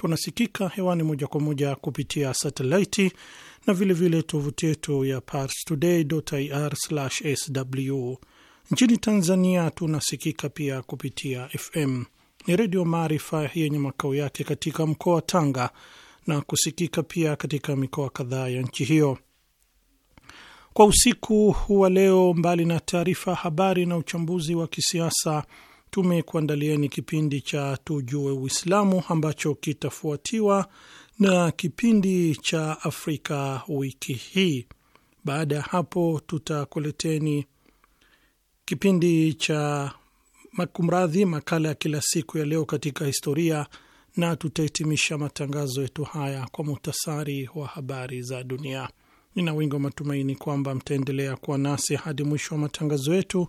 Tunasikika hewani moja kwa moja kupitia satelaiti na vilevile tovuti yetu ya parstoday.ir/sw. Nchini Tanzania tunasikika pia kupitia FM ni Redio Maarifa yenye makao yake katika mkoa wa Tanga na kusikika pia katika mikoa kadhaa ya nchi hiyo. Kwa usiku wa leo, mbali na taarifa habari na uchambuzi wa kisiasa tumekuandalieni kipindi cha Tujue Uislamu ambacho kitafuatiwa na kipindi cha Afrika wiki hii. Baada ya hapo, tutakuleteni kipindi cha makumradhi, makala ya kila siku ya leo katika historia, na tutahitimisha matangazo yetu haya kwa muhtasari wa habari za dunia. Nina wingi wa matumaini kwamba mtaendelea kuwa nasi hadi mwisho wa matangazo yetu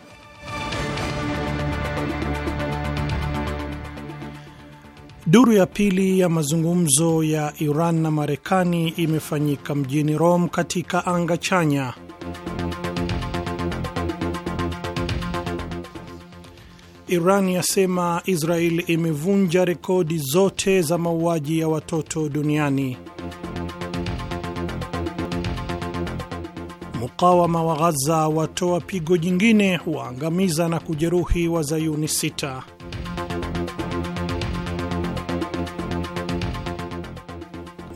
Duru ya pili ya mazungumzo ya Iran na Marekani imefanyika mjini Rome katika anga chanya. Iran yasema Israel imevunja rekodi zote za mauaji ya watoto duniani. Mukawama wa Ghaza watoa pigo jingine, waangamiza na kujeruhi wazayuni sita.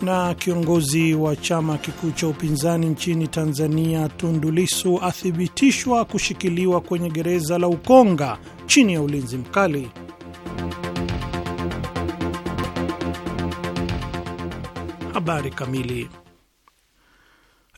na kiongozi wa chama kikuu cha upinzani nchini Tanzania Tundu Lissu athibitishwa kushikiliwa kwenye gereza la Ukonga chini ya ulinzi mkali. Habari kamili.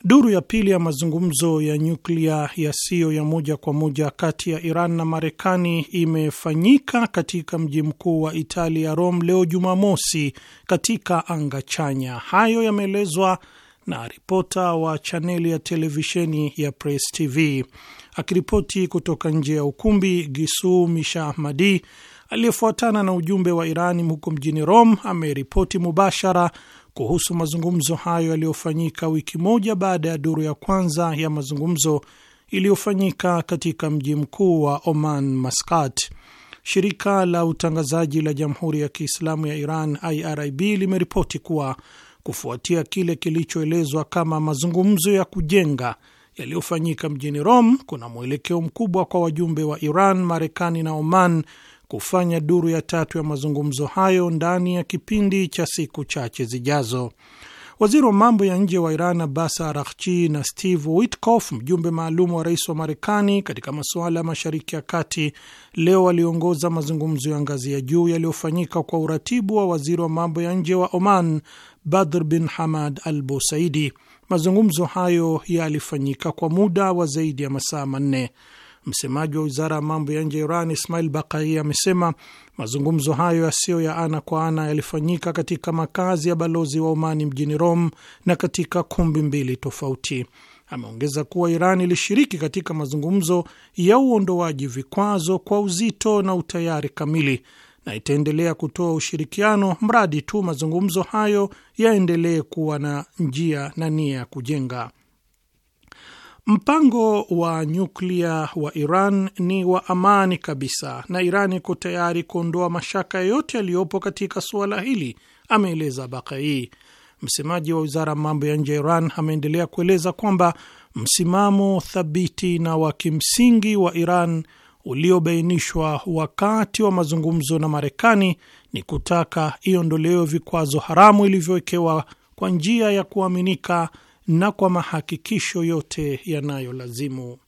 Duru ya pili ya mazungumzo ya nyuklia yasiyo ya moja kwa moja kati ya Iran na Marekani imefanyika katika mji mkuu wa Italia, Rome, leo Jumamosi, katika anga chanya. Hayo yameelezwa na ripota wa chaneli ya televisheni ya Press TV akiripoti kutoka nje ya ukumbi. Gisu misha ahmadi aliyefuatana na ujumbe wa Iran huko mjini Rome ameripoti mubashara kuhusu mazungumzo hayo yaliyofanyika wiki moja baada ya duru ya kwanza ya mazungumzo iliyofanyika katika mji mkuu wa Oman, Maskat. Shirika la utangazaji la Jamhuri ya Kiislamu ya Iran, IRIB, limeripoti kuwa kufuatia kile kilichoelezwa kama mazungumzo ya kujenga yaliyofanyika mjini Rome, kuna mwelekeo mkubwa kwa wajumbe wa Iran, Marekani na Oman kufanya duru ya tatu ya mazungumzo hayo ndani ya kipindi cha siku chache zijazo. Waziri wa mambo ya nje wa Iran Abbas Araghchi na Steve Witkoff, mjumbe maalum wa rais wa Marekani katika masuala ya Mashariki ya Kati, leo waliongoza mazungumzo ya ngazi ya juu yaliyofanyika kwa uratibu wa waziri wa mambo ya nje wa Oman Badr bin Hamad Al Busaidi. Mazungumzo hayo yalifanyika kwa muda wa zaidi ya masaa manne. Msemaji wa wizara ya mambo ya nje ya Iran Ismail Bakai amesema mazungumzo hayo yasiyo ya ana kwa ana yalifanyika katika makazi ya balozi wa Omani mjini Rome na katika kumbi mbili tofauti. Ameongeza kuwa Iran ilishiriki katika mazungumzo ya uondoaji vikwazo kwa uzito na utayari kamili na itaendelea kutoa ushirikiano mradi tu mazungumzo hayo yaendelee kuwa na njia na nia ya kujenga. Mpango wa nyuklia wa Iran ni wa amani kabisa na Iran iko tayari kuondoa mashaka yote yaliyopo katika suala hili, ameeleza Bakai. Msemaji wa wizara ya mambo ya nje ya Iran ameendelea kueleza kwamba msimamo thabiti na wa kimsingi wa Iran uliobainishwa wakati wa mazungumzo na Marekani ni kutaka iondolewe vikwazo haramu ilivyowekewa kwa njia ya kuaminika na kwa mahakikisho yote yanayolazimu.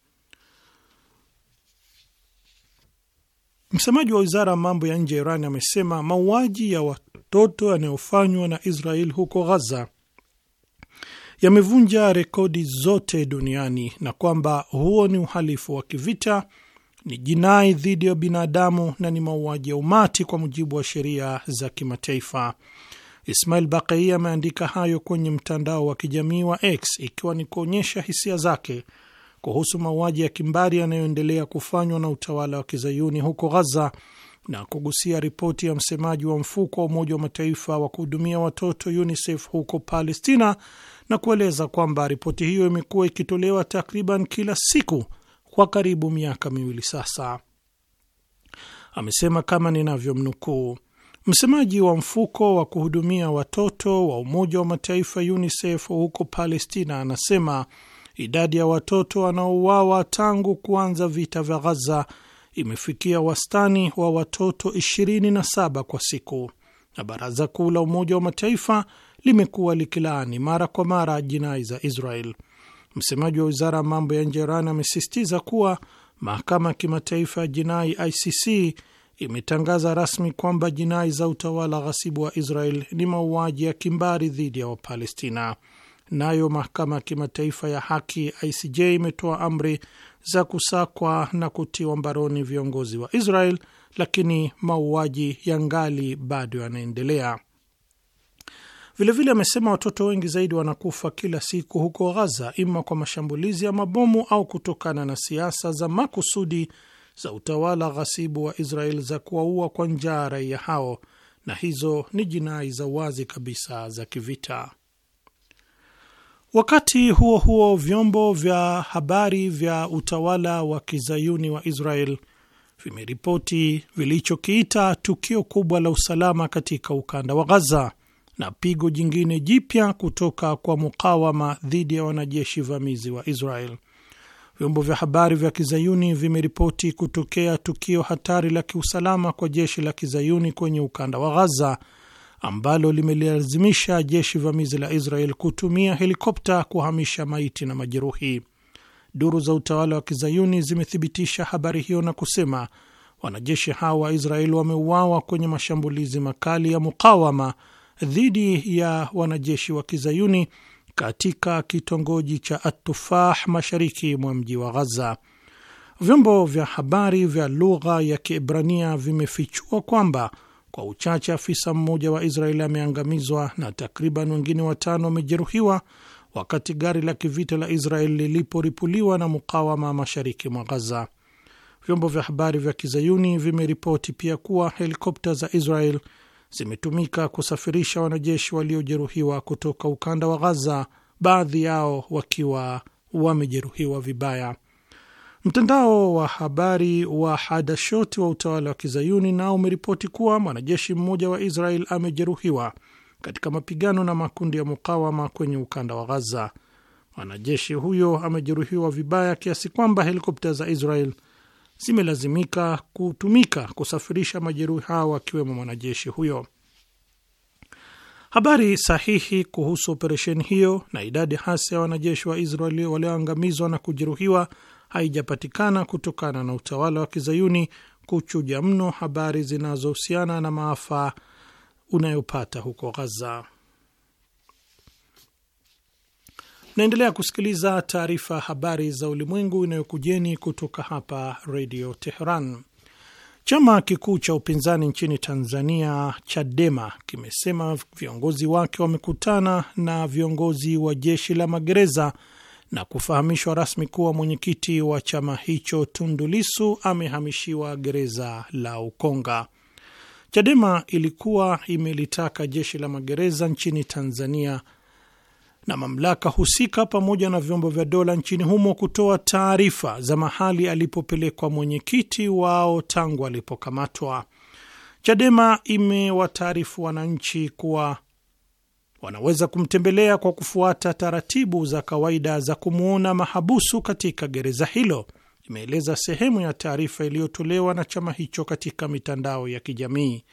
Msemaji wa wizara ya mambo ya nje ya Iran amesema mauaji ya watoto yanayofanywa na Israel huko Ghaza yamevunja rekodi zote duniani na kwamba huo ni uhalifu wa kivita, ni jinai dhidi ya binadamu na ni mauaji ya umati kwa mujibu wa sheria za kimataifa. Ismail Bakei ameandika hayo kwenye mtandao wa kijamii wa X ikiwa ni kuonyesha hisia zake kuhusu mauaji ya kimbari yanayoendelea kufanywa na utawala wa kizayuni huko Ghaza na kugusia ripoti ya msemaji wa mfuko wa Umoja wa Mataifa wa kuhudumia watoto UNICEF huko Palestina na kueleza kwamba ripoti hiyo imekuwa ikitolewa takriban kila siku kwa karibu miaka miwili sasa. Amesema kama ninavyomnukuu Msemaji wa mfuko wa kuhudumia watoto wa Umoja wa Mataifa UNICEF huko Palestina anasema idadi ya watoto wanaouawa tangu kuanza vita vya Ghaza imefikia wastani wa watoto 27 kwa siku, na Baraza Kuu la Umoja wa Mataifa limekuwa likilaani mara kwa mara jinai za Israel. Msemaji wa wizara ya mambo ya nje Iran amesisitiza kuwa mahakama ya kimataifa ya jinai ICC imetangaza rasmi kwamba jinai za utawala ghasibu wa Israel ni mauaji ya kimbari dhidi ya Wapalestina. Nayo mahakama ya kimataifa ya haki ICJ imetoa amri za kusakwa na kutiwa mbaroni viongozi wa Israel, lakini mauaji ya ngali bado yanaendelea. Vilevile amesema watoto wengi zaidi wanakufa kila siku huko Ghaza, ima kwa mashambulizi ya mabomu au kutokana na siasa za makusudi za utawala ghasibu wa Israel za kuwaua kwa njaa raia hao, na hizo ni jinai za wazi kabisa za kivita. Wakati huo huo, vyombo vya habari vya utawala wa kizayuni wa Israel vimeripoti vilichokiita tukio kubwa la usalama katika ukanda wa Gaza na pigo jingine jipya kutoka kwa mukawama dhidi ya wanajeshi vamizi wa Israel. Vyombo vya habari vya kizayuni vimeripoti kutokea tukio hatari la kiusalama kwa jeshi la kizayuni kwenye ukanda wa Ghaza ambalo limelazimisha jeshi vamizi la Israel kutumia helikopta kuhamisha maiti na majeruhi. Duru za utawala wa kizayuni zimethibitisha habari hiyo na kusema wanajeshi hao wa Israel wameuawa kwenye mashambulizi makali ya mukawama dhidi ya wanajeshi wa kizayuni katika kitongoji cha Atufah mashariki mwa mji wa Ghaza. Vyombo vya habari vya lugha ya Kiebrania vimefichua kwamba kwa uchache afisa mmoja wa Israeli ameangamizwa na takriban wengine watano wamejeruhiwa wakati gari la kivita la Israeli liliporipuliwa na mukawama mashariki mwa Ghaza. Vyombo vya habari vya kizayuni vimeripoti pia kuwa helikopta za Israel zimetumika kusafirisha wanajeshi waliojeruhiwa kutoka ukanda wa Ghaza, baadhi yao wakiwa wamejeruhiwa vibaya. Mtandao wa habari wa Hadashot wa utawala wa kizayuni nao umeripoti kuwa mwanajeshi mmoja wa Israel amejeruhiwa katika mapigano na makundi ya mukawama kwenye ukanda wa Ghaza. Mwanajeshi huyo amejeruhiwa vibaya kiasi kwamba helikopta za Israel zimelazimika kutumika kusafirisha majeruhi hao akiwemo mwanajeshi huyo. Habari sahihi kuhusu operesheni hiyo na idadi hasa ya wanajeshi wa Israeli walioangamizwa na kujeruhiwa haijapatikana kutokana na utawala wa kizayuni kuchuja mno habari zinazohusiana na maafa unayopata huko Ghaza. Naendelea kusikiliza taarifa ya habari za ulimwengu inayokujeni kutoka hapa redio Teheran. Chama kikuu cha upinzani nchini Tanzania, Chadema, kimesema viongozi wake wamekutana na viongozi wa jeshi la magereza na kufahamishwa rasmi kuwa mwenyekiti wa chama hicho tundulisu amehamishiwa gereza la Ukonga. Chadema ilikuwa imelitaka jeshi la magereza nchini Tanzania na mamlaka husika pamoja na vyombo vya dola nchini humo kutoa taarifa za mahali alipopelekwa mwenyekiti wao tangu alipokamatwa. Chadema imewataarifu wananchi kuwa wanaweza kumtembelea kwa kufuata taratibu za kawaida za kumwona mahabusu katika gereza hilo, imeeleza sehemu ya taarifa iliyotolewa na chama hicho katika mitandao ya kijamii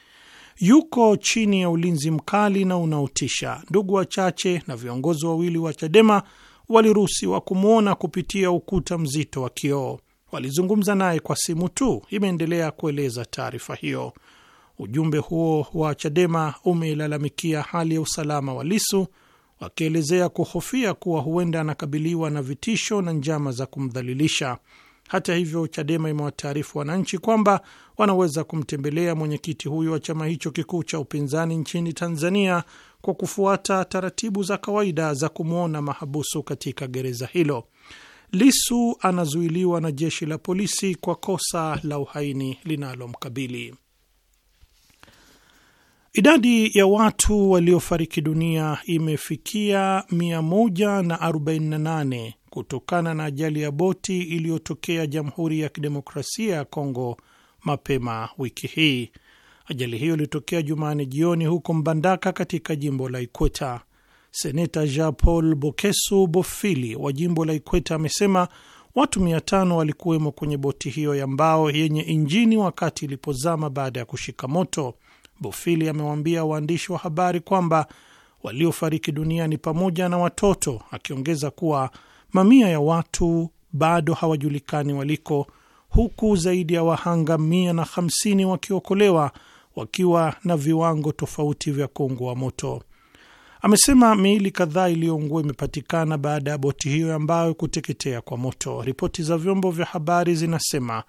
yuko chini ya ulinzi mkali na unaotisha. Ndugu wachache na viongozi wawili wa Chadema waliruhusiwa kumwona kupitia ukuta mzito wa kioo, walizungumza naye kwa simu tu, imeendelea kueleza taarifa hiyo. Ujumbe huo wa Chadema umelalamikia hali ya usalama wa Lisu, wakielezea kuhofia kuwa huenda anakabiliwa na vitisho na njama za kumdhalilisha. Hata hivyo, Chadema imewataarifu wananchi kwamba wanaweza kumtembelea mwenyekiti huyo wa chama hicho kikuu cha upinzani nchini Tanzania kwa kufuata taratibu za kawaida za kumwona mahabusu katika gereza hilo. Lisu anazuiliwa na jeshi la polisi kwa kosa la uhaini linalomkabili. Idadi ya watu waliofariki dunia imefikia 148 kutokana na ajali ya boti iliyotokea Jamhuri ya Kidemokrasia ya Kongo mapema wiki hii. Ajali hiyo ilitokea Jumanne jioni huko Mbandaka katika jimbo la Ikweta. Seneta Jean Paul Bokesu Bofili wa jimbo la Ikweta amesema watu mia tano walikuwemo kwenye boti hiyo ya mbao yenye injini wakati ilipozama baada ya kushika moto. Bofili amewaambia waandishi wa habari kwamba waliofariki dunia ni pamoja na watoto, akiongeza kuwa mamia ya watu bado hawajulikani waliko huku zaidi ya wahanga mia na hamsini wakiokolewa wakiwa na viwango tofauti vya kuungua moto. Amesema miili kadhaa iliyoungua imepatikana baada ya boti hiyo ambayo kuteketea kwa moto. Ripoti za vyombo vya habari zinasema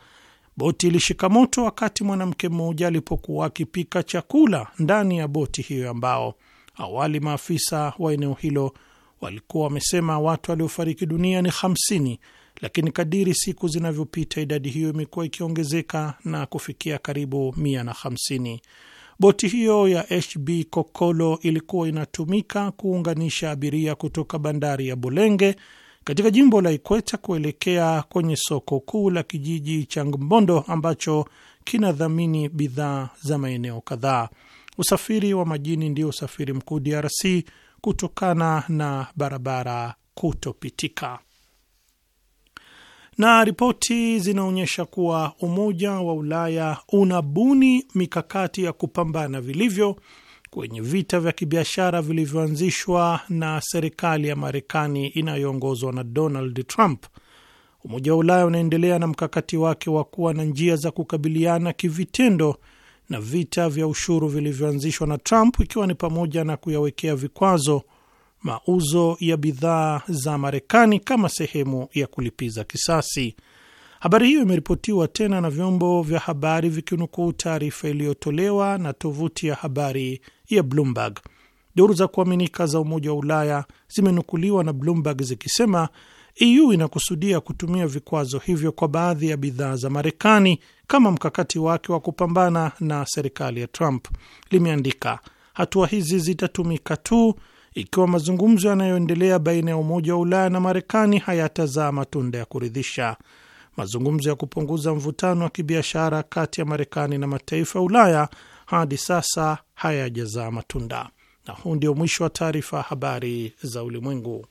boti ilishika moto wakati mwanamke mmoja alipokuwa akipika chakula ndani ya boti hiyo, mbao. awali maafisa wa eneo hilo walikuwa wamesema watu waliofariki dunia ni 50 lakini kadiri siku zinavyopita idadi hiyo imekuwa ikiongezeka na kufikia karibu 150. Boti hiyo ya HB Kokolo ilikuwa inatumika kuunganisha abiria kutoka bandari ya Bolenge katika jimbo la Ikweta kuelekea kwenye soko kuu la kijiji cha Ngombondo ambacho kinadhamini bidhaa za maeneo kadhaa. Usafiri wa majini ndio usafiri mkuu DRC kutokana na barabara kutopitika na ripoti zinaonyesha kuwa Umoja wa Ulaya unabuni mikakati ya kupambana vilivyo kwenye vita vya kibiashara vilivyoanzishwa na serikali ya Marekani inayoongozwa na Donald Trump. Umoja wa Ulaya unaendelea na mkakati wake wa kuwa na njia za kukabiliana kivitendo na vita vya ushuru vilivyoanzishwa na Trump, ikiwa ni pamoja na kuyawekea vikwazo mauzo ya bidhaa za Marekani kama sehemu ya kulipiza kisasi. Habari hiyo imeripotiwa tena na vyombo vya habari vikinukuu taarifa iliyotolewa na tovuti ya habari ya Bloomberg. Duru za kuaminika za Umoja wa Ulaya zimenukuliwa na Bloomberg zikisema EU inakusudia kutumia vikwazo hivyo kwa baadhi ya bidhaa za Marekani kama mkakati wake wa kupambana na serikali ya Trump. Limeandika hatua hizi zitatumika tu ikiwa mazungumzo yanayoendelea baina ya Umoja wa Ulaya na Marekani hayatazaa matunda ya kuridhisha. Mazungumzo ya kupunguza mvutano wa kibiashara kati ya Marekani na mataifa ya Ulaya hadi sasa hayajazaa matunda. Na huu ndio mwisho wa taarifa habari za ulimwengu.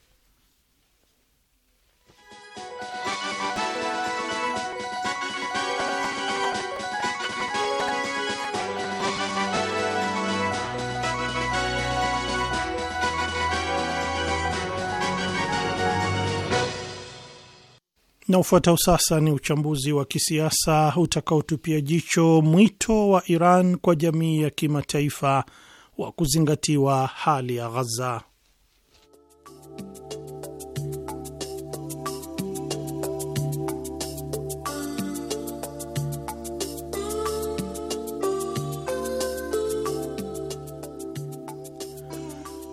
Na ufuatao sasa ni uchambuzi wa kisiasa utakaotupia jicho mwito wa Iran kwa jamii ya kimataifa wa kuzingatiwa hali ya Ghaza.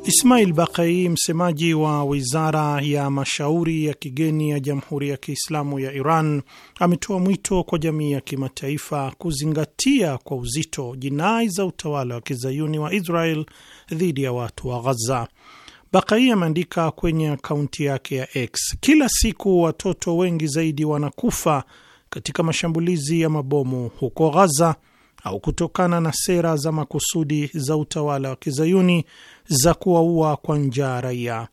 Ismail Bakai, msemaji wa wizara ya mashauri ya kigeni ya Jamhuri ya Kiislamu ya Iran, ametoa mwito kwa jamii ya kimataifa kuzingatia kwa uzito jinai za utawala wa kizayuni wa Israel dhidi ya watu wa Ghaza. Bakai ameandika kwenye akaunti yake ya X, kila siku watoto wengi zaidi wanakufa katika mashambulizi ya mabomu huko Ghaza au kutokana na sera za makusudi za utawala wa kizayuni za kuwaua kwa njaa raia.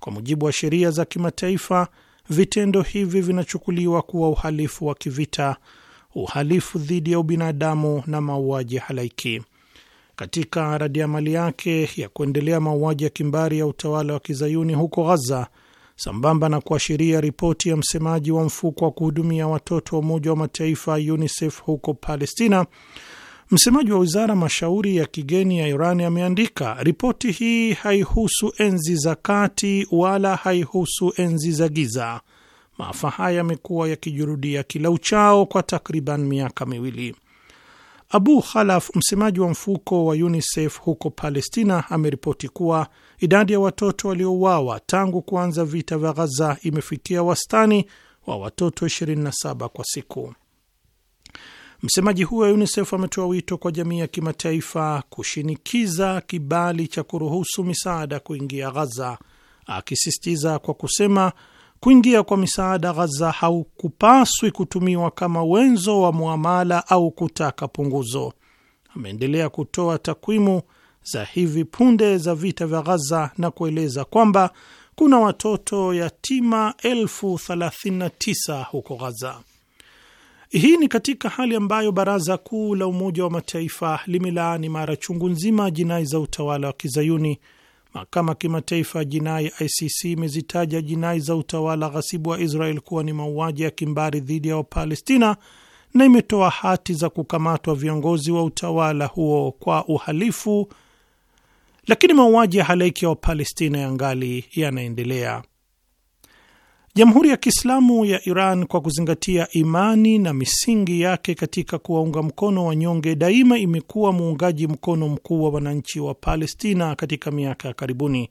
Kwa mujibu wa sheria za kimataifa, vitendo hivi vinachukuliwa kuwa uhalifu wa kivita, uhalifu dhidi ya ubinadamu na mauaji halaiki. Katika radiamali yake ya kuendelea mauaji ya kimbari ya utawala wa kizayuni huko Ghaza, sambamba na kuashiria ripoti ya msemaji wa mfuko wa kuhudumia watoto wa Umoja wa Mataifa UNICEF huko Palestina, Msemaji wa wizara mashauri ya kigeni ya Iran ameandika ripoti hii haihusu enzi za kati wala haihusu enzi za giza. Maafa haya yamekuwa yakijurudia kila uchao kwa takriban miaka miwili. Abu Khalaf, msemaji wa mfuko wa UNICEF huko Palestina, ameripoti kuwa idadi ya watoto waliouawa tangu kuanza vita vya Ghaza imefikia wastani wa watoto 27 kwa siku. Msemaji huyo wa UNICEF ametoa wito kwa jamii ya kimataifa kushinikiza kibali cha kuruhusu misaada kuingia Ghaza, akisisitiza kwa kusema kuingia kwa misaada Ghaza haukupaswi kutumiwa kama wenzo wa muamala au kutaka punguzo. Ameendelea kutoa takwimu za hivi punde za vita vya Ghaza na kueleza kwamba kuna watoto yatima elfu 39 huko Ghaza. Hii ni katika hali ambayo Baraza Kuu la Umoja wa Mataifa limelaani mara chungu nzima jinai za utawala wa Kizayuni. Mahakama ya Kimataifa ya Jinai ICC imezitaja jinai za utawala ghasibu wa Israel kuwa ni mauaji ya kimbari dhidi ya Wapalestina na imetoa hati za kukamatwa viongozi wa utawala huo kwa uhalifu, lakini mauaji ya halaiki ya Wapalestina yangali yanaendelea. Jamhuri ya Kiislamu ya Iran kwa kuzingatia imani na misingi yake katika kuwaunga mkono wanyonge, daima imekuwa muungaji mkono mkuu wa wananchi wa Palestina katika miaka ya karibuni.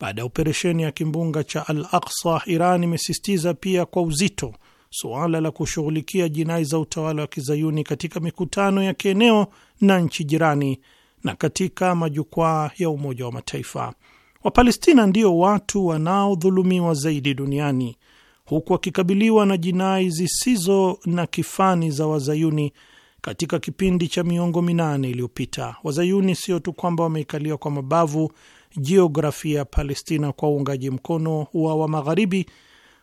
Baada ya operesheni ya kimbunga cha Al aksa Iran imesisitiza pia kwa uzito suala la kushughulikia jinai za utawala wa kizayuni katika mikutano ya kieneo na nchi jirani na katika majukwaa ya Umoja wa Mataifa. Wapalestina ndio watu wanaodhulumiwa zaidi duniani huku wakikabiliwa na jinai zisizo na kifani za wazayuni katika kipindi cha miongo minane iliyopita. Wazayuni sio tu kwamba wameikalia kwa mabavu jiografia ya Palestina kwa uungaji mkono wa wa Magharibi,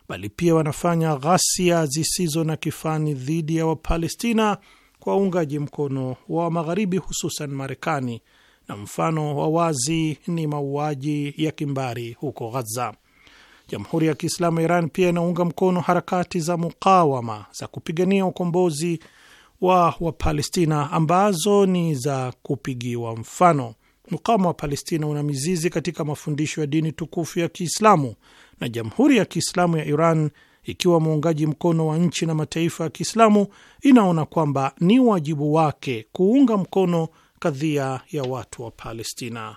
bali pia wanafanya ghasia zisizo na kifani dhidi ya Wapalestina kwa uungaji mkono wa Magharibi, hususan Marekani na mfano wa wazi ni mauaji ya kimbari huko Ghaza. Jamhuri ya Kiislamu ya Iran pia inaunga mkono harakati za mukawama za kupigania ukombozi wa Wapalestina ambazo ni za kupigiwa mfano. Mukawama wa Palestina una mizizi katika mafundisho ya dini tukufu ya Kiislamu, na Jamhuri ya Kiislamu ya Iran ikiwa muungaji mkono wa nchi na mataifa ya Kiislamu inaona kwamba ni wajibu wake kuunga mkono kadhia ya watu wa Palestina.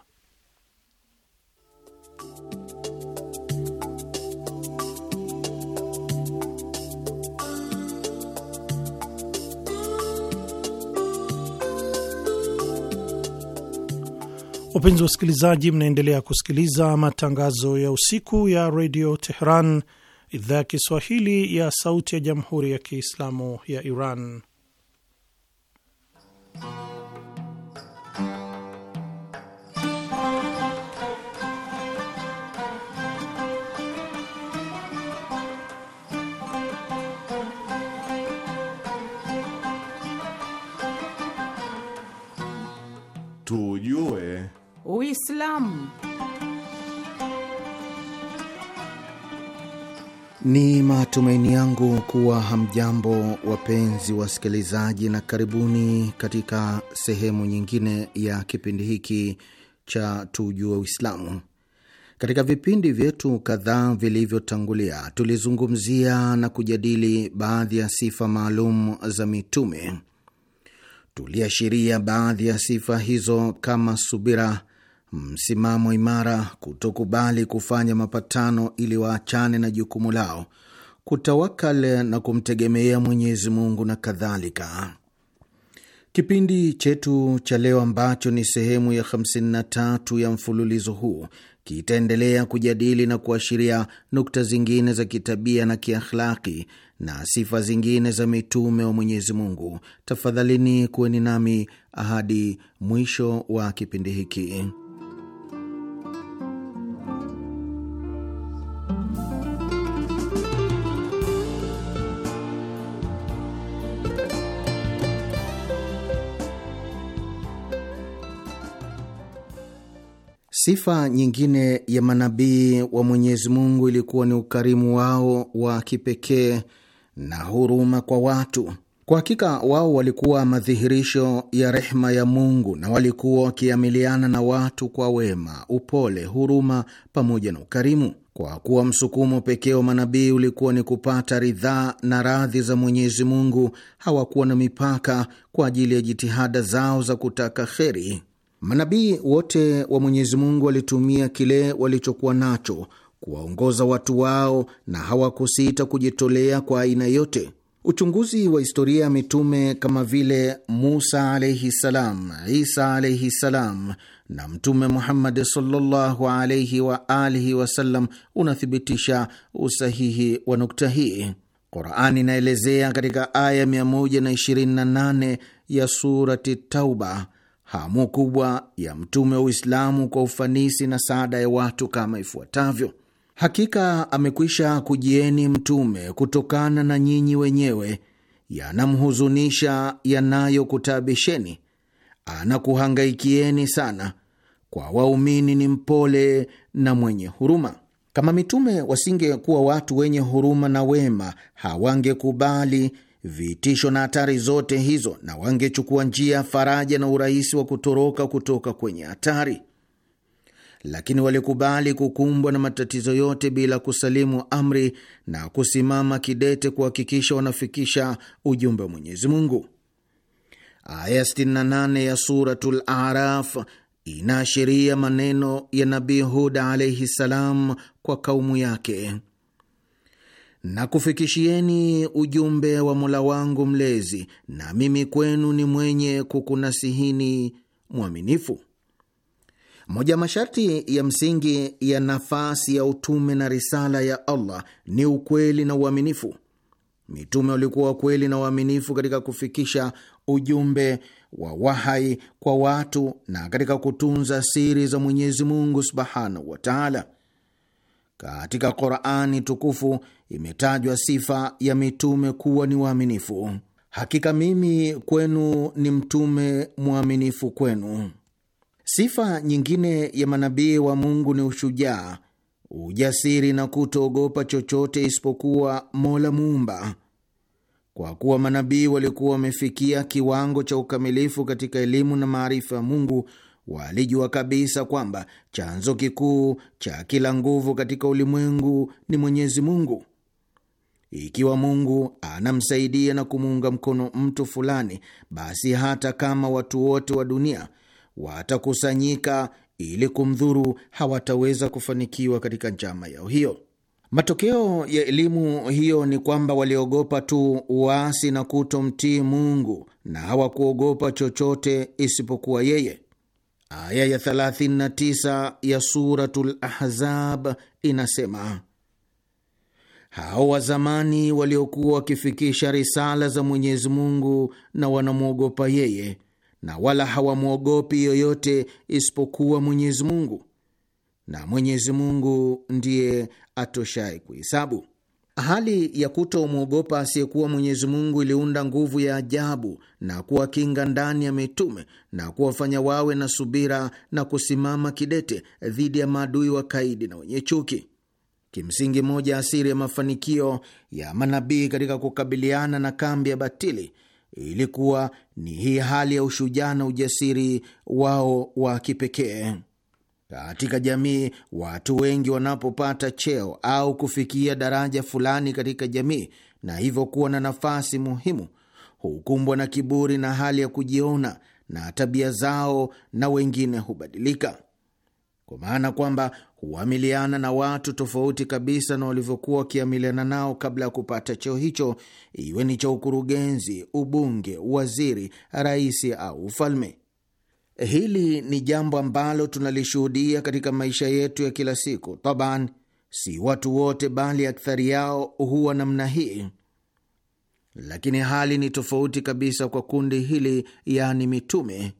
Wapenzi wa wasikilizaji, mnaendelea kusikiliza matangazo ya usiku ya redio Teheran, idhaa ya Kiswahili ya sauti ya jamhuri ya Kiislamu ya Iran. tujue Uislamu. Ni matumaini yangu kuwa hamjambo wapenzi wasikilizaji, na karibuni katika sehemu nyingine ya kipindi hiki cha tujue Uislamu. Katika vipindi vyetu kadhaa vilivyotangulia tulizungumzia na kujadili baadhi ya sifa maalum za mitume Tuliashiria baadhi ya sifa hizo kama subira, msimamo imara, kutokubali kufanya mapatano ili waachane na jukumu lao, kutawakal na kumtegemea Mwenyezi Mungu na kadhalika. Kipindi chetu cha leo ambacho ni sehemu ya 53 ya mfululizo huu kitaendelea kujadili na kuashiria nukta zingine za kitabia na kiakhlaki na sifa zingine za mitume wa Mwenyezi Mungu. Tafadhalini kuweni nami hadi mwisho wa kipindi hiki. Sifa nyingine ya manabii wa Mwenyezi Mungu ilikuwa ni ukarimu wao wa kipekee na huruma kwa watu. Kwa hakika wao walikuwa madhihirisho ya rehma ya Mungu na walikuwa wakiamiliana na watu kwa wema, upole, huruma pamoja na ukarimu, kwa kuwa msukumo pekee wa manabii ulikuwa ni kupata ridhaa na radhi za Mwenyezi Mungu. Hawakuwa na mipaka kwa ajili ya jitihada zao za kutaka kheri. Manabii wote wa Mwenyezi Mungu walitumia kile walichokuwa nacho kuwaongoza watu wao na hawakusita kujitolea kwa aina yote. Uchunguzi wa historia ya mitume kama vile Musa alaihi salam, Isa alaihi salam na Mtume Muhammad sallallahu alaihi wa alihi wasallam unathibitisha usahihi wa nukta hii. Qurani inaelezea katika aya 128 ya Surati Tauba hamu kubwa ya mtume wa Uislamu kwa ufanisi na saada ya watu kama ifuatavyo: Hakika amekwisha kujieni mtume kutokana na nyinyi wenyewe, yanamhuzunisha yanayokutabisheni, anakuhangaikieni sana. Kwa waumini ni mpole na mwenye huruma. Kama mitume wasingekuwa watu wenye huruma na wema, hawangekubali vitisho na hatari zote hizo, na wangechukua njia ya faraja na urahisi wa kutoroka kutoka kwenye hatari lakini walikubali kukumbwa na matatizo yote bila kusalimu amri na kusimama kidete kuhakikisha wanafikisha ujumbe wa Mwenyezi Mungu. Aya 68 ya Suratul Araf inaashiria maneno ya Nabii Huda alaihi ssalam kwa kaumu yake: na kufikishieni ujumbe wa Mola wangu Mlezi, na mimi kwenu ni mwenye kukunasihini mwaminifu. Moja ya masharti ya msingi ya nafasi ya utume na risala ya Allah ni ukweli na uaminifu. Mitume walikuwa wakweli na waaminifu katika kufikisha ujumbe wa wahai kwa watu na katika kutunza siri za Mwenyezi Mungu subhanahu wa taala. Katika Qurani tukufu imetajwa sifa ya mitume kuwa ni waaminifu: hakika mimi kwenu ni mtume mwaminifu kwenu. Sifa nyingine ya manabii wa Mungu ni ushujaa, ujasiri na kutoogopa chochote isipokuwa Mola Muumba. Kwa kuwa manabii walikuwa wamefikia kiwango cha ukamilifu katika elimu na maarifa ya Mungu, walijua kabisa kwamba chanzo kikuu cha kila nguvu katika ulimwengu ni Mwenyezi Mungu. Ikiwa Mungu anamsaidia na kumuunga mkono mtu fulani, basi hata kama watu wote wa dunia watakusanyika ili kumdhuru, hawataweza kufanikiwa katika njama yao hiyo. Matokeo ya elimu hiyo ni kwamba waliogopa tu uasi na kutomtii Mungu na hawakuogopa chochote isipokuwa yeye. Aya ya 39 ya Suratul Ahzab inasema hao wa zamani waliokuwa wakifikisha risala za Mwenyezi Mungu na wanamwogopa yeye na wala hawamwogopi yoyote isipokuwa Mwenyezi Mungu, na Mwenyezi Mungu ndiye atoshai kuhesabu. Hali ya kutomwogopa asiyekuwa Mwenyezi Mungu iliunda nguvu ya ajabu na kuwakinga ndani ya mitume na kuwafanya wawe na subira na kusimama kidete dhidi ya maadui wa kaidi na wenye chuki. Kimsingi, moja asiri ya mafanikio ya manabii katika kukabiliana na kambi ya batili ilikuwa ni hii hali ya ushujaa na ujasiri wao wa kipekee. Katika jamii, watu wengi wanapopata cheo au kufikia daraja fulani katika jamii na hivyo kuwa na nafasi muhimu, hukumbwa na kiburi na hali ya kujiona, na tabia zao na wengine hubadilika kwa maana kwamba huamiliana na watu tofauti kabisa na walivyokuwa wakiamiliana nao kabla ya kupata cheo hicho, iwe ni cha ukurugenzi, ubunge, waziri, rais au ufalme. Hili ni jambo ambalo tunalishuhudia katika maisha yetu ya kila siku. Taban, si watu wote, bali akthari yao huwa namna hii, lakini hali ni tofauti kabisa kwa kundi hili, yaani mitume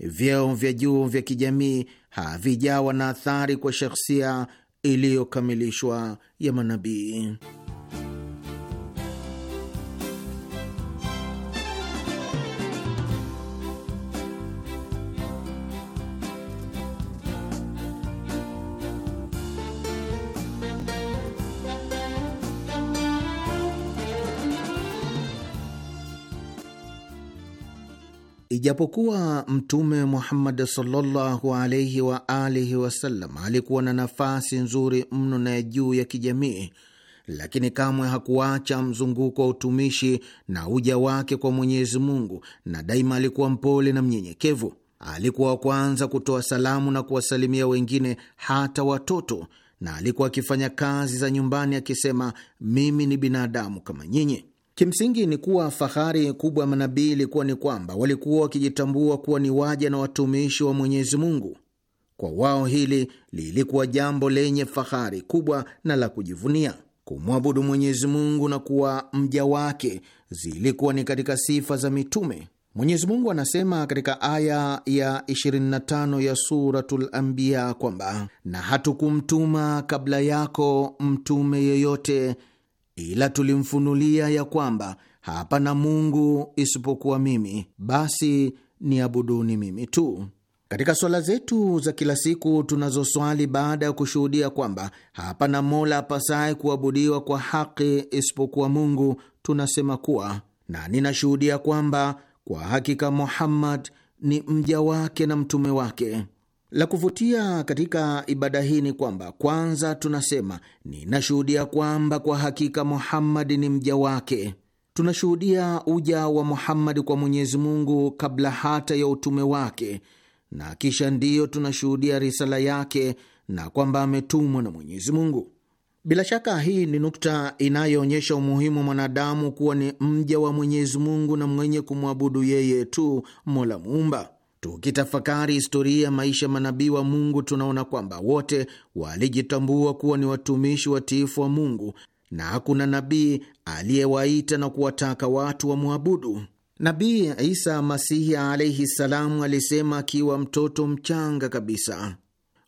vyeo vya juu vya kijamii havijawa na athari kwa shakhsia iliyokamilishwa ya manabii. Ijapokuwa Mtume Muhammad sallallahu alaihi wa alihi wasallam alikuwa na nafasi nzuri mno na ya juu ya kijamii, lakini kamwe hakuacha mzunguko wa utumishi na uja wake kwa Mwenyezi Mungu, na daima alikuwa mpole na mnyenyekevu. Alikuwa wa kwanza kutoa salamu na kuwasalimia wengine, hata watoto, na alikuwa akifanya kazi za nyumbani akisema, mimi ni binadamu kama nyinyi. Kimsingi ni kuwa fahari kubwa manabii ilikuwa ni kwamba walikuwa wakijitambua kuwa ni waja na watumishi wa Mwenyezi Mungu. Kwa wao hili lilikuwa jambo lenye fahari kubwa na la kujivunia. Kumwabudu Mwenyezi Mungu na kuwa mja wake zilikuwa ni katika sifa za mitume. Mwenyezi Mungu anasema katika aya ya 25 ya Suratul Anbiya kwamba na hatukumtuma kabla yako mtume yeyote ila tulimfunulia ya kwamba hapana Mungu isipokuwa mimi, basi niabuduni mimi tu. Katika swala zetu za kila siku tunazoswali baada ya kushuhudia kwamba hapana mola apasaye kuabudiwa kwa haki isipokuwa Mungu, tunasema kuwa na ninashuhudia kwamba kwa hakika Muhammad ni mja wake na mtume wake. La kuvutia katika ibada hii ni kwamba kwanza tunasema ninashuhudia kwamba kwa hakika Muhammadi ni mja wake. Tunashuhudia uja wa muhammadi kwa Mwenyezi Mungu kabla hata ya utume wake, na kisha ndiyo tunashuhudia risala yake na kwamba ametumwa na Mwenyezi Mungu. Bila shaka hii ni nukta inayoonyesha umuhimu wa mwanadamu kuwa ni mja wa Mwenyezi Mungu na mwenye kumwabudu yeye tu, Mola Muumba. Tukitafakari historia ya maisha manabii wa Mungu, tunaona kwamba wote walijitambua kuwa ni watumishi watiifu wa Mungu na hakuna nabii aliyewaita na kuwataka watu wamwabudu. Nabii Isa Masihi alaihi salamu alisema akiwa mtoto mchanga kabisa,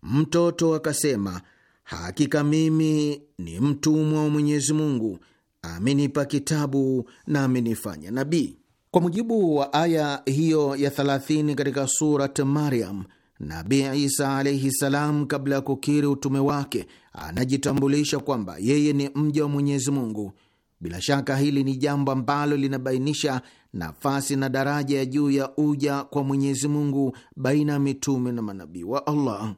mtoto akasema, hakika mimi ni mtumwa wa Mwenyezi Mungu, amenipa kitabu na amenifanya nabii. Kwa mujibu wa aya hiyo ya 30 katika Surat Maryam, nabi Isa alaihi salam, kabla ya kukiri utume wake, anajitambulisha kwamba yeye ni mja wa Mwenyezi Mungu. Bila shaka hili ni jambo ambalo linabainisha nafasi na daraja ya juu ya uja kwa Mwenyezi Mungu baina ya mitume na manabii wa Allah.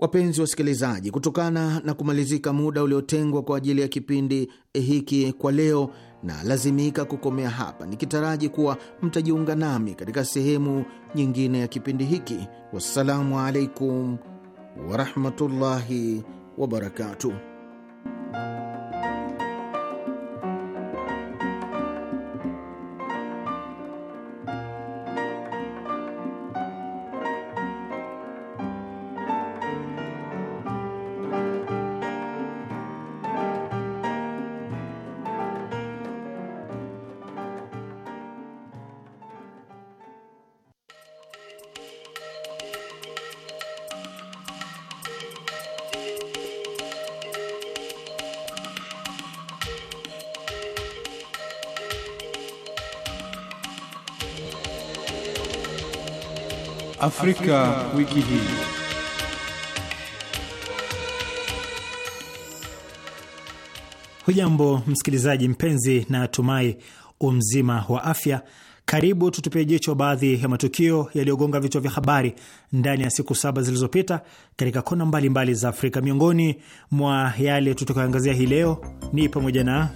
Wapenzi wasikilizaji, kutokana na kumalizika muda uliotengwa kwa ajili ya kipindi hiki kwa leo, na lazimika kukomea hapa, nikitaraji kuwa mtajiunga nami katika sehemu nyingine ya kipindi hiki. Wassalamu alaikum warahmatullahi wabarakatuh. Afrika, wiki hii. Hujambo msikilizaji mpenzi, na tumai umzima wa afya. Karibu tutupie jicho baadhi ya matukio yaliyogonga vichwa vya habari ndani ya siku saba zilizopita katika kona mbalimbali mbali za Afrika. Miongoni mwa yale tutakayoangazia hii leo ni pamoja na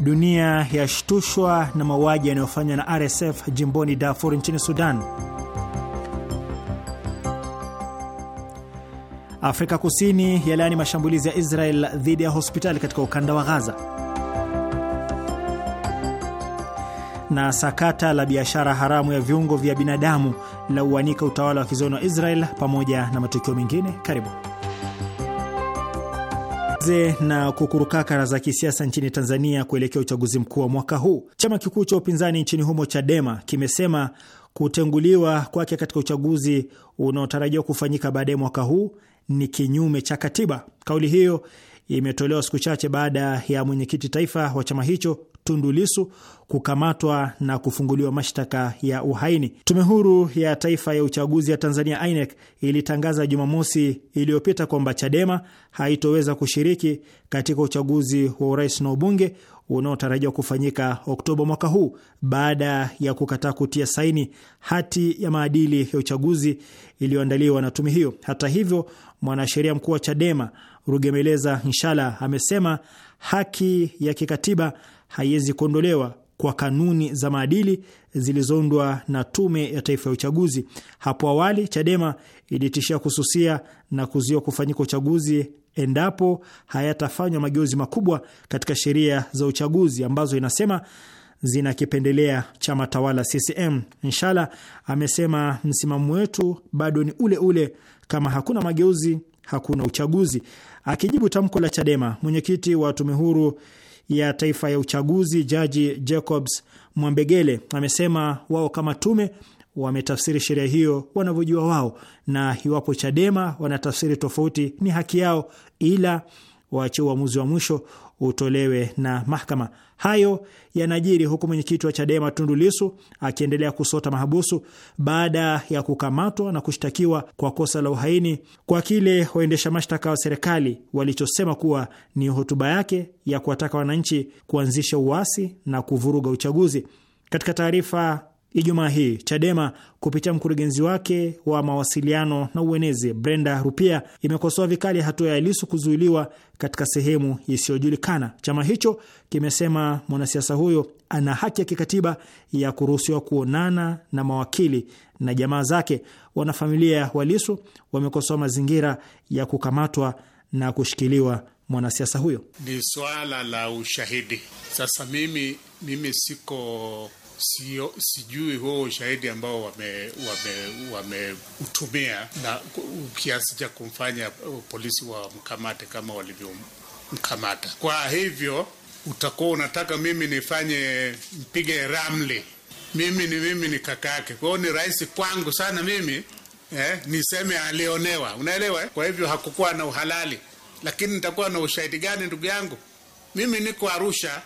dunia yashtushwa na mauaji yanayofanywa na RSF jimboni Darfur nchini Sudan. Afrika Kusini yalaani mashambulizi ya Israel dhidi ya hospitali katika ukanda wa Gaza. Na sakata la biashara haramu ya viungo vya binadamu la uanika utawala wa kizoni wa Israel pamoja na matukio mengine. Karibu na kukurukakara za kisiasa nchini Tanzania kuelekea uchaguzi mkuu wa mwaka huu. Chama kikuu cha upinzani nchini humo Chadema kimesema kutenguliwa kwake katika uchaguzi unaotarajiwa kufanyika baadaye mwaka huu ni kinyume cha katiba. Kauli hiyo imetolewa siku chache baada ya mwenyekiti taifa wa chama hicho Tundu Lisu kukamatwa na kufunguliwa mashtaka ya uhaini. Tume huru ya taifa ya uchaguzi ya Tanzania INEC ilitangaza Jumamosi iliyopita kwamba Chadema haitoweza kushiriki katika uchaguzi wa urais na ubunge unaotarajiwa kufanyika Oktoba mwaka huu baada ya kukataa kutia saini hati ya maadili ya uchaguzi iliyoandaliwa na tume hiyo. Hata hivyo, mwanasheria mkuu wa Chadema Rugemeleza Nshala amesema haki ya kikatiba haiwezi kuondolewa kwa kanuni za maadili zilizoundwa na Tume ya Taifa ya Uchaguzi. Hapo awali Chadema ilitishia kususia na kuzuia kufanyika uchaguzi endapo hayatafanywa mageuzi makubwa katika sheria za uchaguzi ambazo inasema zinakipendelea chama tawala CCM. Inshala amesema msimamo wetu bado ni ule ule, kama hakuna mageuzi hakuna uchaguzi. Akijibu tamko la Chadema, mwenyekiti wa tume huru ya taifa ya uchaguzi Jaji Jacobs Mwambegele amesema wao kama tume wametafsiri sheria hiyo wanavyojua wao, na iwapo Chadema wanatafsiri tofauti ni haki yao, ila waache uamuzi wa mwisho utolewe na mahakama. Hayo yanajiri huku mwenyekiti wa Chadema Tundu Lisu akiendelea kusota mahabusu baada ya kukamatwa na kushtakiwa kwa kosa la uhaini kwa kile waendesha mashtaka wa serikali walichosema kuwa ni hotuba yake ya kuwataka wananchi kuanzisha uasi na kuvuruga uchaguzi. Katika taarifa Ijumaa hii Chadema kupitia mkurugenzi wake wa mawasiliano na uenezi Brenda Rupia imekosoa vikali hatua ya Lisu kuzuiliwa katika sehemu isiyojulikana. Chama hicho kimesema mwanasiasa huyo ana haki ya kikatiba ya kuruhusiwa kuonana na mawakili na jamaa zake. Wanafamilia wa Lisu wamekosoa mazingira ya kukamatwa na kushikiliwa mwanasiasa huyo. Ni swala la ushahidi. Sasa mimi, mimi siko sio, sijui huo ushahidi ambao wameutumia wame, wame na kiasi cha kumfanya uh, polisi wamkamate kama walivyomkamata. Kwa hivyo utakuwa unataka mimi nifanye mpige ramli, mimi ni mimi ni kaka yake, kwa hiyo ni rahisi kwangu sana mimi eh, niseme alionewa, unaelewa? Eh? Kwa hivyo hakukuwa na uhalali, lakini nitakuwa na ushahidi gani ndugu yangu? Mimi niko Arusha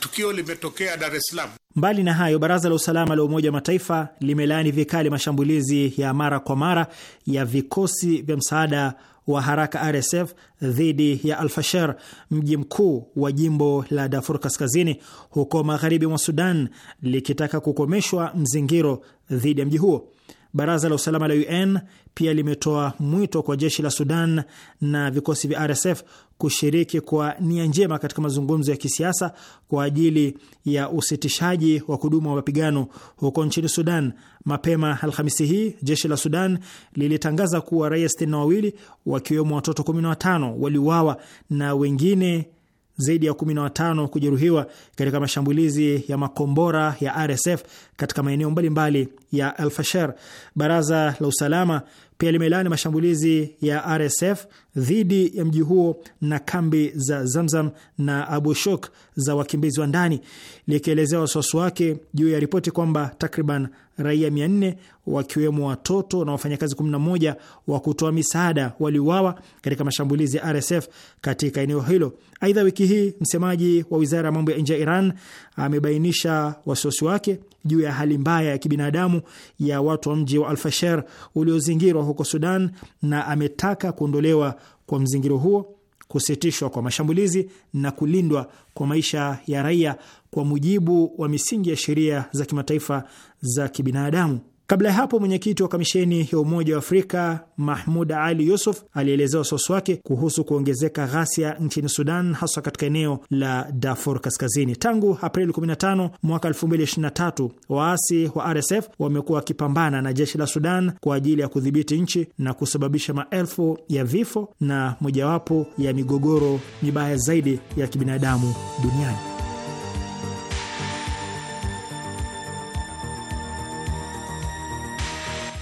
Tukio limetokea Dar es Salaam. Mbali na hayo, baraza la usalama la Umoja wa Mataifa limelaani vikali mashambulizi ya mara kwa mara ya vikosi vya msaada wa haraka RSF dhidi ya Alfasher, mji mkuu wa jimbo la Darfur Kaskazini huko magharibi mwa Sudan, likitaka kukomeshwa mzingiro dhidi ya mji huo. Baraza la usalama la UN pia limetoa mwito kwa jeshi la Sudan na vikosi vya RSF kushiriki kwa nia njema katika mazungumzo ya kisiasa kwa ajili ya usitishaji wa kudumu wa mapigano huko nchini Sudan. Mapema Alhamisi hii jeshi la Sudan lilitangaza kuwa raia sitini na wawili wakiwemo watoto 15 waliuawa na wengine zaidi ya 15 kujeruhiwa katika mashambulizi ya makombora ya RSF katika maeneo mbalimbali ya Alfasher. Baraza la usalama pia limelaani mashambulizi ya RSF dhidi ya mji huo na kambi za Zamzam na Abu Shok za wakimbizi wa ndani, likielezea wasiwasi wake juu ya ripoti kwamba takriban raia 400 wakiwemo watoto na wafanyakazi 11 wa kutoa misaada waliuawa katika mashambulizi ya RSF katika eneo hilo. Aidha, wiki hii msemaji wa wizara ya mambo ya nje ya Iran amebainisha wasiwasi wake juu ya hali mbaya ya kibinadamu ya watu wa mji wa Alfasher uliozingirwa huko Sudan, na ametaka kuondolewa kwa mzingiro huo, kusitishwa kwa mashambulizi na kulindwa kwa maisha ya raia kwa mujibu wa misingi ya sheria za kimataifa za kibinadamu. Kabla ya hapo mwenyekiti wa kamisheni ya Umoja wa Afrika Mahmud Ali Yusuf alielezea wasiwasi wake kuhusu kuongezeka ghasia nchini Sudan, haswa katika eneo la Darfur Kaskazini. Tangu Aprili 15 mwaka 2023, waasi wa RSF wamekuwa wakipambana na jeshi la Sudan kwa ajili ya kudhibiti nchi na kusababisha maelfu ya vifo na mojawapo ya migogoro mibaya zaidi ya kibinadamu duniani.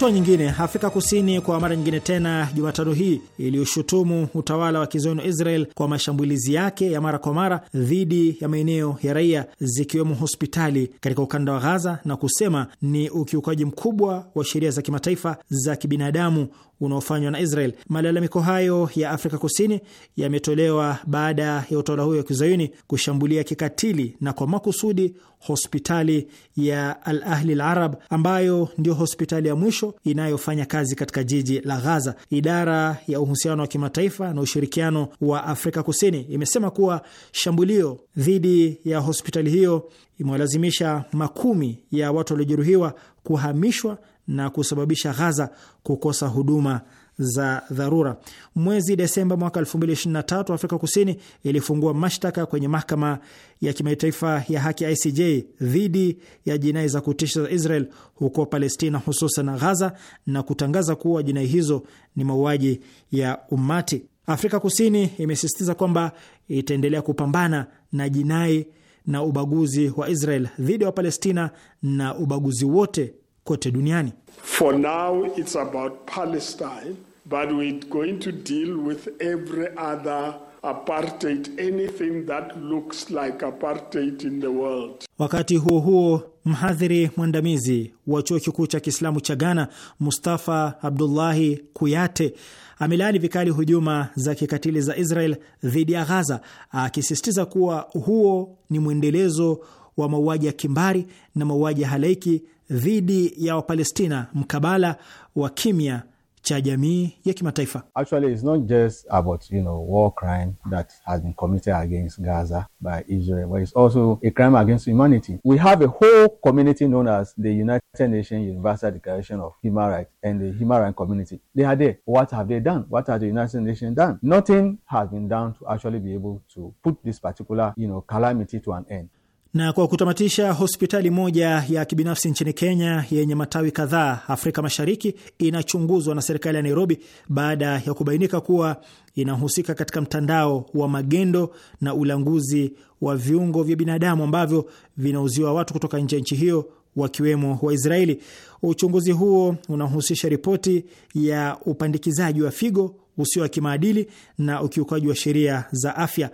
hatua nyingine, Afrika Kusini kwa mara nyingine tena Jumatano hii iliyoshutumu utawala wa kizayuni Israel kwa mashambulizi yake ya mara kwa mara dhidi ya maeneo ya raia zikiwemo hospitali katika ukanda wa Ghaza na kusema ni ukiukaji mkubwa wa sheria za kimataifa za kibinadamu unaofanywa na Israel. Malalamiko hayo ya Afrika Kusini yametolewa baada ya utawala huyo wa kizayuni kushambulia kikatili na kwa makusudi hospitali ya Al Ahli Al Arab ambayo ndio hospitali ya mwisho inayofanya kazi katika jiji la Ghaza. Idara ya uhusiano wa kimataifa na ushirikiano wa Afrika Kusini imesema kuwa shambulio dhidi ya hospitali hiyo imewalazimisha makumi ya watu waliojeruhiwa kuhamishwa na kusababisha Ghaza kukosa huduma za dharura. Mwezi Desemba mwaka 2023 Afrika Kusini ilifungua mashtaka kwenye mahakama ya kimataifa ya haki ICJ dhidi ya jinai za kutisha za Israel huko Palestina, hususan Ghaza, na kutangaza kuwa jinai hizo ni mauaji ya umati. Afrika Kusini imesisitiza kwamba itaendelea kupambana na jinai na ubaguzi wa Israel dhidi ya Wapalestina na ubaguzi wote kote duniani. For now it's about Palestine, but we're going to deal with every other apartheid, anything that looks like apartheid in the world. Wakati huo huo, mhadhiri mwandamizi wa chuo kikuu cha Kiislamu cha Ghana, Mustafa Abdullahi Kuyate amelaani vikali hujuma za kikatili za Israel dhidi ya Ghaza, akisisitiza kuwa huo ni mwendelezo wa mauaji ya kimbari na mauaji ya halaiki dhidi ya Wapalestina mkabala wa kimya cha jamii ya kimataifa. Actually, it's not just about, you know, war crime that has been committed against Gaza by Israel, but it's also a crime against humanity. We have a whole community known as the United Nations Universal Declaration of Human Rights and the human rights community. They are there. What have they done? What has the United Nations done? Nothing has been done to actually be able to put this particular, you know, calamity to an end. Na kwa kutamatisha, hospitali moja ya kibinafsi nchini Kenya yenye matawi kadhaa Afrika Mashariki inachunguzwa na serikali ya Nairobi baada ya kubainika kuwa inahusika katika mtandao wa magendo na ulanguzi wa viungo vya binadamu ambavyo vinauziwa watu kutoka nje ya nchi hiyo wakiwemo Waisraeli. Uchunguzi huo unahusisha ripoti ya upandikizaji wa figo usio wa kimaadili na ukiukaji wa sheria za afya.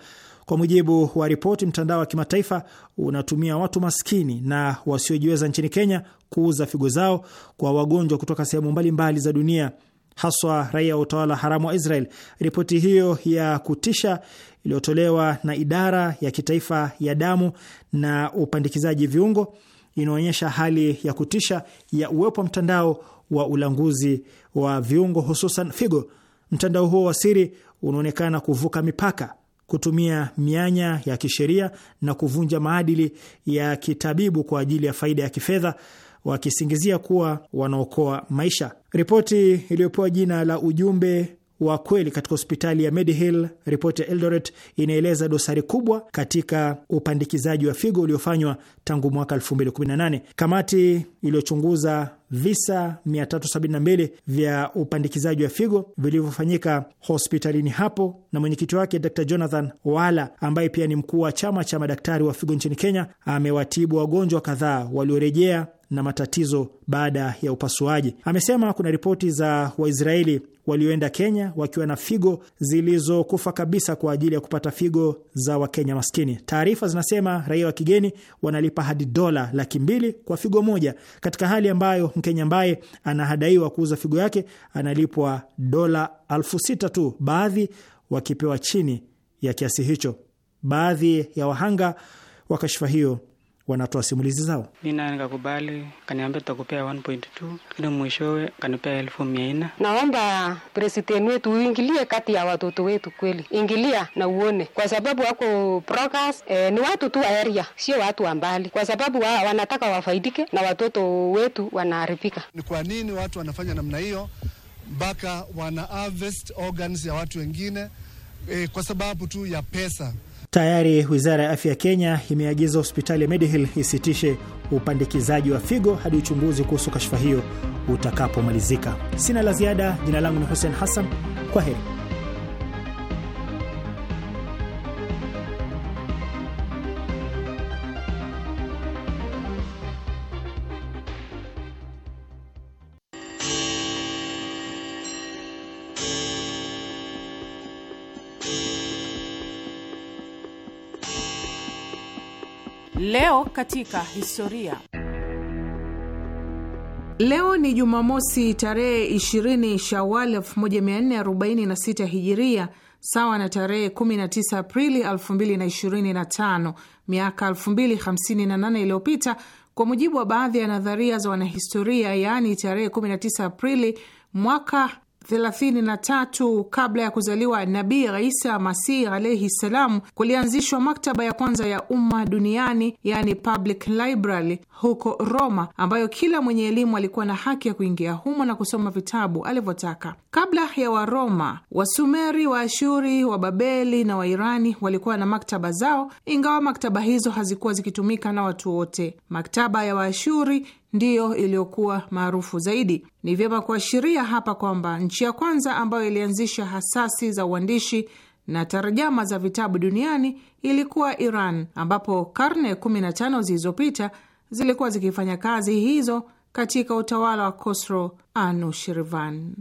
Kwa mujibu wa ripoti, mtandao wa kimataifa unatumia watu maskini na wasiojiweza nchini Kenya kuuza figo zao kwa wagonjwa kutoka sehemu mbalimbali za dunia, haswa raia wa utawala haramu wa Israel. Ripoti hiyo ya kutisha iliyotolewa na idara ya kitaifa ya damu na upandikizaji viungo inaonyesha hali ya kutisha ya uwepo wa mtandao wa ulanguzi wa viungo, hususan figo. Mtandao huo wa siri unaonekana kuvuka mipaka kutumia mianya ya kisheria na kuvunja maadili ya kitabibu kwa ajili ya faida ya kifedha wakisingizia kuwa wanaokoa maisha. Ripoti iliyopewa jina la ujumbe wa kweli katika hospitali ya Medihill, ripoti ya Eldoret inaeleza dosari kubwa katika upandikizaji wa figo uliofanywa tangu mwaka 2018. Kamati iliyochunguza visa 372 vya upandikizaji wa figo vilivyofanyika hospitalini hapo, na mwenyekiti wake Dr Jonathan Wala ambaye pia ni mkuu wa chama cha madaktari wa figo nchini Kenya amewatibu wagonjwa kadhaa waliorejea na matatizo baada ya upasuaji. Amesema kuna ripoti za Waisraeli walioenda Kenya wakiwa na figo zilizokufa kabisa kwa ajili ya kupata figo za Wakenya maskini. Taarifa zinasema raia wa kigeni wanalipa hadi dola laki mbili kwa figo moja, katika hali ambayo Mkenya ambaye anahadaiwa kuuza figo yake analipwa dola elfu sita tu, baadhi wakipewa chini ya kiasi hicho. Baadhi ya wahanga wa kashfa hiyo wanatoa simulizi zao. Mina nikakubali, kaniambia tutakupea 1.2 mwishowe kanipea elfu mia nne. Naomba president wetu uingilie kati ya watoto wetu kweli, ingilia na uone, kwa sababu wako progress, eh, ni watu tu wa area, sio watu wa mbali, kwa sababu wa, wanataka wafaidike na watoto wetu wanaharibika. Ni kwa nini watu wanafanya namna hiyo mpaka wana harvest organs ya watu wengine eh, kwa sababu tu ya pesa. Tayari wizara ya afya ya Kenya imeagiza hospitali ya Medihill isitishe upandikizaji wa figo hadi uchunguzi kuhusu kashfa hiyo utakapomalizika. Sina la ziada. Jina langu ni Hussein Hassan, kwa heri. Leo katika historia. Leo ni Jumamosi tarehe 20 Shawal 1446 Hijiria, sawa na tarehe 19 Aprili 2025, miaka 2058 iliyopita, kwa mujibu wa baadhi ya nadharia za wanahistoria. Yaani tarehe 19 Aprili mwaka 33 kabla ya kuzaliwa Nabii Isa Masih alaihi ssalam, kulianzishwa maktaba ya kwanza ya umma duniani, yani public library huko Roma, ambayo kila mwenye elimu alikuwa na haki ya kuingia humo na kusoma vitabu alivyotaka. Kabla ya Waroma, Wasumeri, Waashuri, Wababeli na Wairani walikuwa na maktaba zao, ingawa maktaba hizo hazikuwa zikitumika na watu wote. Maktaba ya Waashuri ndiyo iliyokuwa maarufu zaidi. Ni vyema kuashiria hapa kwamba nchi ya kwanza ambayo ilianzisha hasasi za uandishi na tarjama za vitabu duniani ilikuwa Iran, ambapo karne 15 zilizopita zilikuwa zikifanya kazi hizo katika utawala wa Khosrow Anushirvan.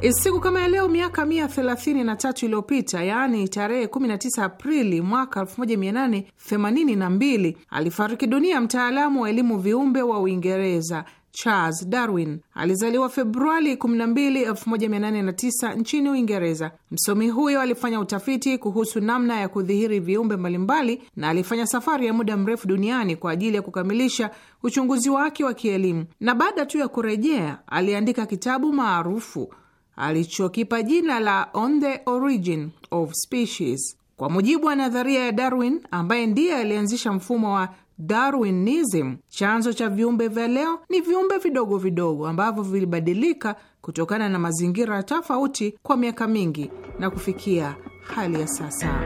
E, siku kama ya leo miaka mia thelathini na tatu iliyopita, yaani tarehe 19 Aprili mwaka 1882 alifariki dunia mtaalamu wa elimu viumbe wa Uingereza Charles Darwin. Alizaliwa Februari 12, 1809 nchini Uingereza. Msomi huyo alifanya utafiti kuhusu namna ya kudhihiri viumbe mbalimbali na alifanya safari ya muda mrefu duniani kwa ajili ya kukamilisha uchunguzi wake wa kielimu, na baada tu ya kurejea aliandika kitabu maarufu alichokipa jina la On the Origin of Species. Kwa mujibu wa nadharia ya Darwin, ambaye ndiye alianzisha mfumo wa Darwinism, chanzo cha viumbe vya leo ni viumbe vidogo vidogo ambavyo vilibadilika kutokana na mazingira tofauti kwa miaka mingi na kufikia hali ya sasa.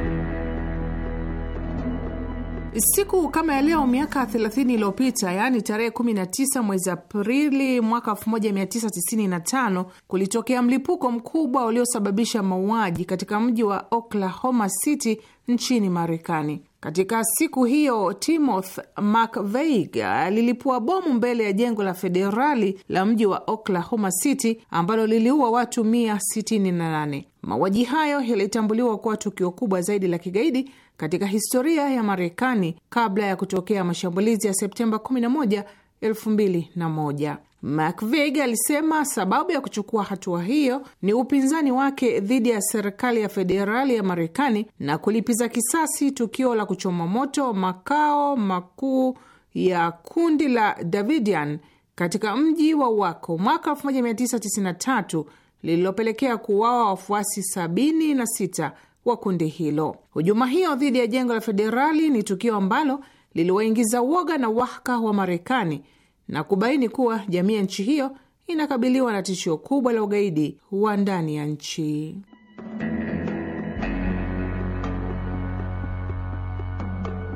Siku kama ya leo miaka 30 iliyopita, yaani tarehe 19 mwezi Aprili mwaka 1995, kulitokea mlipuko mkubwa uliosababisha mauaji katika mji wa Oklahoma City nchini Marekani. Katika siku hiyo Timothy McVeigh alilipua bomu mbele ya jengo la federali la mji wa Oklahoma City ambalo liliua watu 168. Mauaji hayo yalitambuliwa kuwa tukio kubwa zaidi la kigaidi katika historia ya Marekani kabla ya kutokea mashambulizi ya Septemba 11, 2001. McVeigh alisema sababu ya kuchukua hatua hiyo ni upinzani wake dhidi ya serikali ya federali ya Marekani na kulipiza kisasi tukio la kuchoma moto makao makuu ya kundi la Davidian katika mji wa Wako mwaka 1993 lililopelekea kuwawa wafuasi 76 wa kundi hilo. Hujuma hiyo dhidi ya jengo la federali ni tukio ambalo liliwaingiza woga na wahaka wa Marekani na kubaini kuwa jamii ya nchi hiyo inakabiliwa na tishio kubwa la ugaidi wa ndani ya nchi.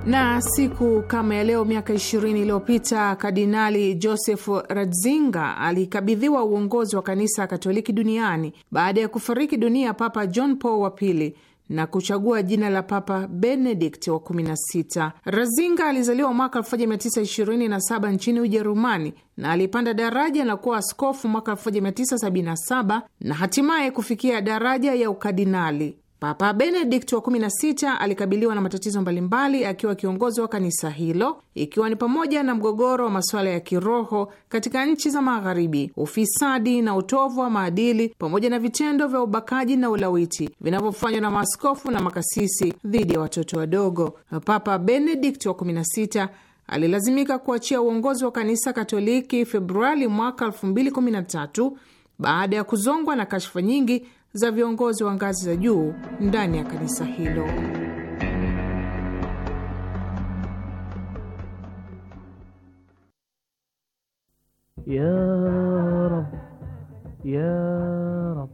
Na siku kama ya leo miaka 20 iliyopita Kardinali Joseph Ratzinger alikabidhiwa uongozi wa kanisa Katoliki duniani baada ya kufariki dunia Papa John Paul wa pili na kuchagua jina la Papa Benedikt wa 16. Razinga alizaliwa mwaka 1927 nchini Ujerumani na alipanda daraja na kuwa askofu mwaka 1977 na hatimaye kufikia daraja ya ukadinali. Papa Benedikt wa 16 alikabiliwa na matatizo mbalimbali akiwa kiongozi wa kanisa hilo, ikiwa ni pamoja na mgogoro wa masuala ya kiroho katika nchi za Magharibi, ufisadi na utovu wa maadili, pamoja na vitendo vya ubakaji na ulawiti vinavyofanywa na maaskofu na makasisi dhidi ya watoto wadogo. Papa Benedikt wa 16 alilazimika kuachia uongozi wa kanisa Katoliki Februari mwaka 2013 baada ya kuzongwa na kashfa nyingi za viongozi wa ngazi za juu ndani ya kanisa hilo. Ya Rab, ya Rab.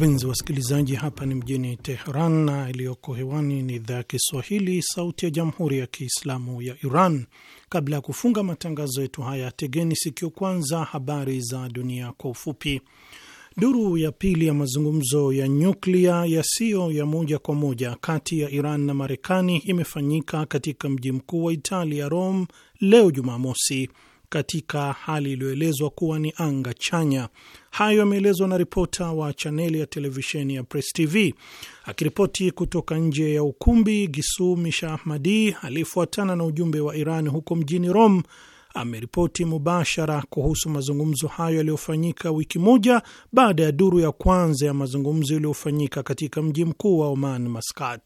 Wapenzi wasikilizaji, hapa ni mjini Teheran na iliyoko hewani ni idhaa ya Kiswahili, sauti ya jamhuri ya kiislamu ya Iran. Kabla ya kufunga matangazo yetu haya, tegeni sikio kwanza habari za dunia kwa ufupi. Duru ya pili ya mazungumzo ya nyuklia yasiyo ya moja kwa moja kati ya Iran na Marekani imefanyika katika mji mkuu wa Italia, Rome, leo Jumamosi katika hali iliyoelezwa kuwa ni anga chanya. Hayo yameelezwa na ripota wa chaneli ya televisheni ya Press TV akiripoti kutoka nje ya ukumbi. Gisu Misha Ahmadi aliyefuatana na ujumbe wa Iran huko mjini Rome ameripoti mubashara kuhusu mazungumzo hayo yaliyofanyika wiki moja baada ya duru ya kwanza ya mazungumzo yaliyofanyika katika mji mkuu wa Oman, Maskat.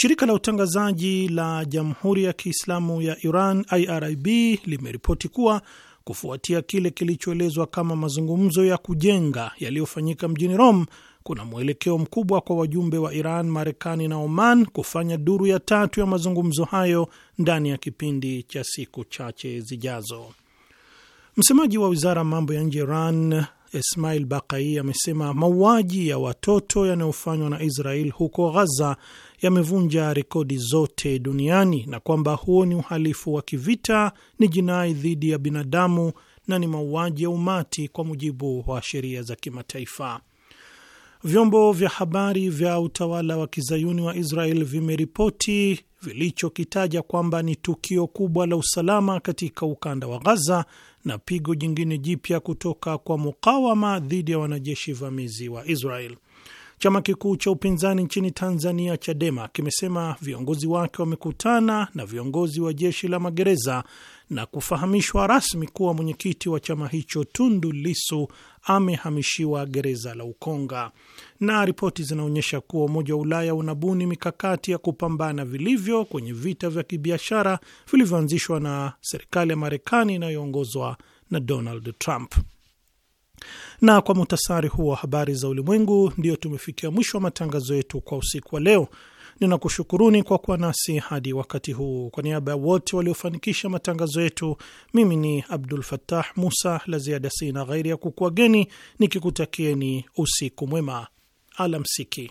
Shirika la utangazaji la Jamhuri ya Kiislamu ya Iran IRIB limeripoti kuwa kufuatia kile kilichoelezwa kama mazungumzo ya kujenga yaliyofanyika mjini Rome, kuna mwelekeo mkubwa kwa wajumbe wa Iran, Marekani na Oman kufanya duru ya tatu ya mazungumzo hayo ndani ya kipindi cha siku chache zijazo. Msemaji wa wizara ya mambo ya nje Iran Ismail Bakai amesema mauaji ya watoto yanayofanywa na Israel huko Ghaza yamevunja rekodi zote duniani na kwamba huo ni uhalifu wa kivita, ni jinai dhidi ya binadamu na ni mauaji ya umati kwa mujibu wa sheria za kimataifa. Vyombo vya habari vya utawala wa kizayuni wa Israel vimeripoti vilichokitaja kwamba ni tukio kubwa la usalama katika ukanda wa Gaza na pigo jingine jipya kutoka kwa mukawama dhidi ya wanajeshi vamizi wa Israel. Chama kikuu cha upinzani nchini Tanzania, Chadema, kimesema viongozi wake wamekutana na viongozi wa jeshi la magereza na kufahamishwa rasmi kuwa mwenyekiti wa chama hicho Tundu Lisu amehamishiwa gereza la Ukonga. Na ripoti zinaonyesha kuwa Umoja wa Ulaya unabuni mikakati ya kupambana vilivyo kwenye vita vya kibiashara vilivyoanzishwa na serikali ya Marekani inayoongozwa na Donald Trump. Na kwa muhtasari huo wa habari za ulimwengu, ndiyo tumefikia mwisho wa matangazo yetu kwa usiku wa leo. Ninakushukuruni kwa kuwa nasi hadi wakati huu. Kwa niaba ya wote waliofanikisha matangazo yetu, mimi ni Abdul Fattah Musa. La ziada sina ghairi ya kukuageni nikikutakieni usiku mwema, alamsiki.